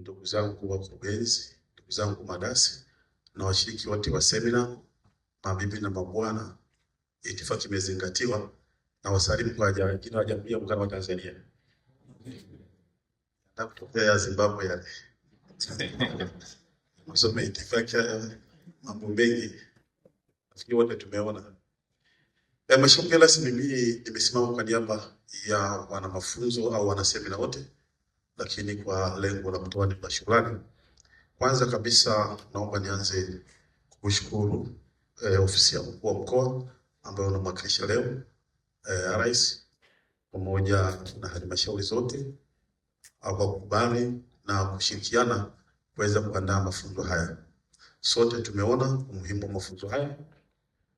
ndugu zangu wakurugenzi, ndugu zangu madasi na washiriki wote wa semina, mabibi na mabwana, itifaki imezingatiwa na wasalimu kwa jina la Jamhuri ya Muungano wa Tanzania na kutokea ya Zimbabwe yale kusoma itifaki mambo mengi nafikiri wote tumeona. E, eh, mashauke rasmi, mimi nimesimama kwa niaba ya wanamafunzo au wanasemina wote lakini kwa lengo la kutoa neno la shukrani. Kwanza kabisa naomba nianze kukushukuru eh, ofisi ya mkuu wa mkoa ambayo unamwakilisha leo eh, rais pamoja na halmashauri zote kwa kukubali na kushirikiana kuweza kuandaa mafunzo haya. Sote tumeona umuhimu wa mafunzo haya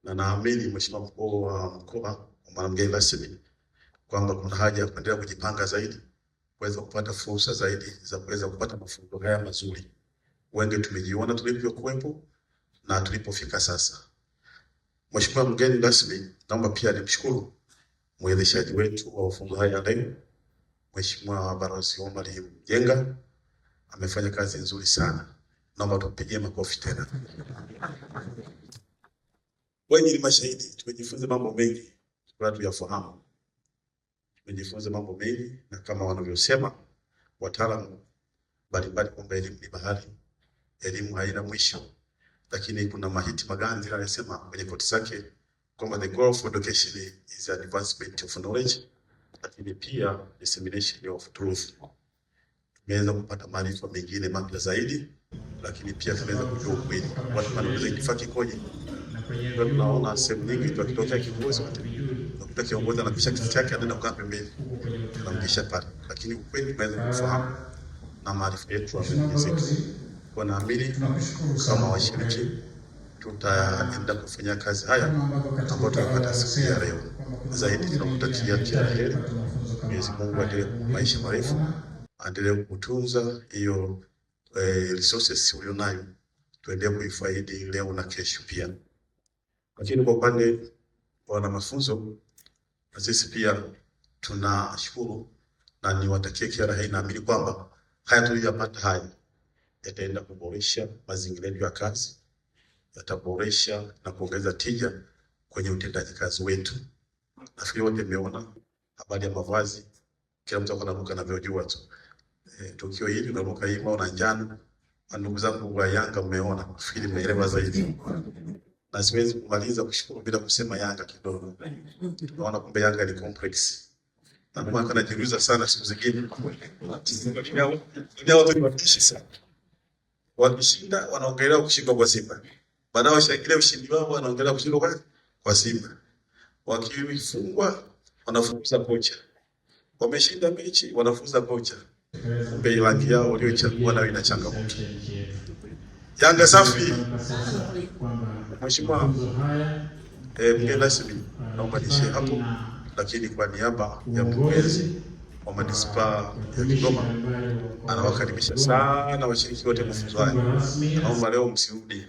na naamini Mheshimiwa mkuu wa mkoa wa mgeni rasmi kwamba kuna haja ya kuendelea kujipanga zaidi kuweza kupata fursa zaidi za kuweza kupata mafunzo haya mazuri. Wengi tumejiona tulivyokuwepo na tulipofika sasa. Mheshimiwa mgeni rasmi, naomba pia nimshukuru mwezeshaji wetu wa mafunzo haya leo, Mheshimiwa Balozi Omar Mjenga amefanya kazi nzuri sana, naomba tupigie makofi tena. Wengi ni mashahidi, tumejifunza mambo mengi, tuyafahamu nijifunze mambo mengi, na kama wanavyosema wataalamu mbalimbali kwamba elimu ni bahari, elimu haina mwisho. Lakini kuna Mahiti Maganzi anasema kwenye koti zake kwamba the goal of education is advancement of knowledge, lakini pia dissemination of truth. Tumeweza kupata maarifa mengine mapya zaidi, lakini pia tunaweza kujua ukweli, watu wanaweza kifaa koje. Tunaona sehemu nyingi tukitokea kiongozi watu na kiongozi anabisha kitu chake, anaenda kukaa pembeni, tunamjisha pale, lakini ukweli tunaweza kufahamu na maarifa yetu ameongezeka. Kwa naamini kama washiriki tutaenda kufanya kazi haya ambayo tunapata siku ya leo. Zaidi tunakutakia kila la heri. Mwenyezi Mungu aendelee maisha marefu, aendelee kutunza hiyo eh, resources ulionayo, tuendelee kuifaidi leo na kesho pia. Lakini kwa upande wana mafunzo na sisi pia tunashukuru na niwatakie kila heri. Naamini kwamba haya tuliyopata haya yataenda kuboresha mazingira yetu ya kazi, yataboresha na kuongeza tija kwenye utendaji kazi wetu. Nafikiri wote mmeona habari ya mavazi, kila mtu anaruka anavyojua tu. E, tukio hili unaruka hii na njano, ndugu zangu wa Yanga mmeona, nafikiri mmeelewa zaidi na siwezi kumaliza kushukuru bila kusema Yanga kidogo. Tunaona kumbe Yanga ni complex. kana jiuliza sana siku zingine. Ndio watu wanatisha sana. Wakishinda wanaongelea kushindwa kwa Simba. Baadaye washangilia ushindi wao wanaongelea kushindwa kwa kwa Simba. Wakifungwa wanafunza kocha. Wameshinda mechi wanafunza kocha. Kumbe rangi yao waliochagua nayo ina changamoto. Yanga safi. Mheshimiwa eh, mgeni rasmi, naomba niishie hapo, lakini kwa niaba ya mkurugenzi wa manispaa ya Kigoma anawakaribisha sana washiriki wote mafunzo haya. Naomba leo msirudi,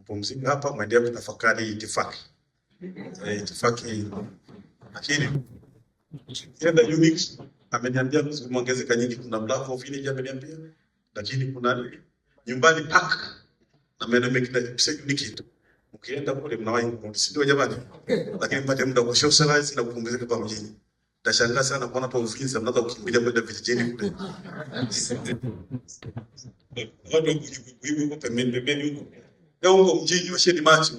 mpumzike hapa, mwendelee kutafakari itifaki eh, itifaki lakini tenda unix ameniambia kuongezeka nyingi, kuna black of ameniambia, lakini kuna nyumbani paka na maana ni kitu ukienda kule mnawahi kurudi, si ndio jamani? Lakini mpate muda wa socialize na kupumzika kwa mjini. Tashangaa sana kuona tu uzinzi mnaanza kukimbilia kwenda vijijini kule. Watu hivi kwa pembeni pembeni huko. Leo huko mjini washeni macho.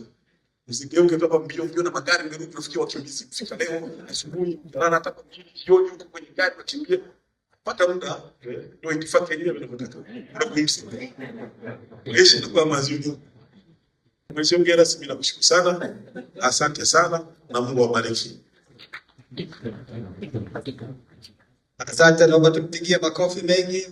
Msigeuke hapa mbio mbio na magari mmeruka, tunafikia wakimbizi kufika leo asubuhi, jana hata kwa mjini jioni huko kwenye gari wakimbia pata muda ndio itifuatilie vinavyotaka na kumsikia maisha yanakuwa mazuri. Mheshimiwa rasmi, nakushukuru sana, asante sana na Mungu awabariki. Asante, naomba tumpigie makofi mengi.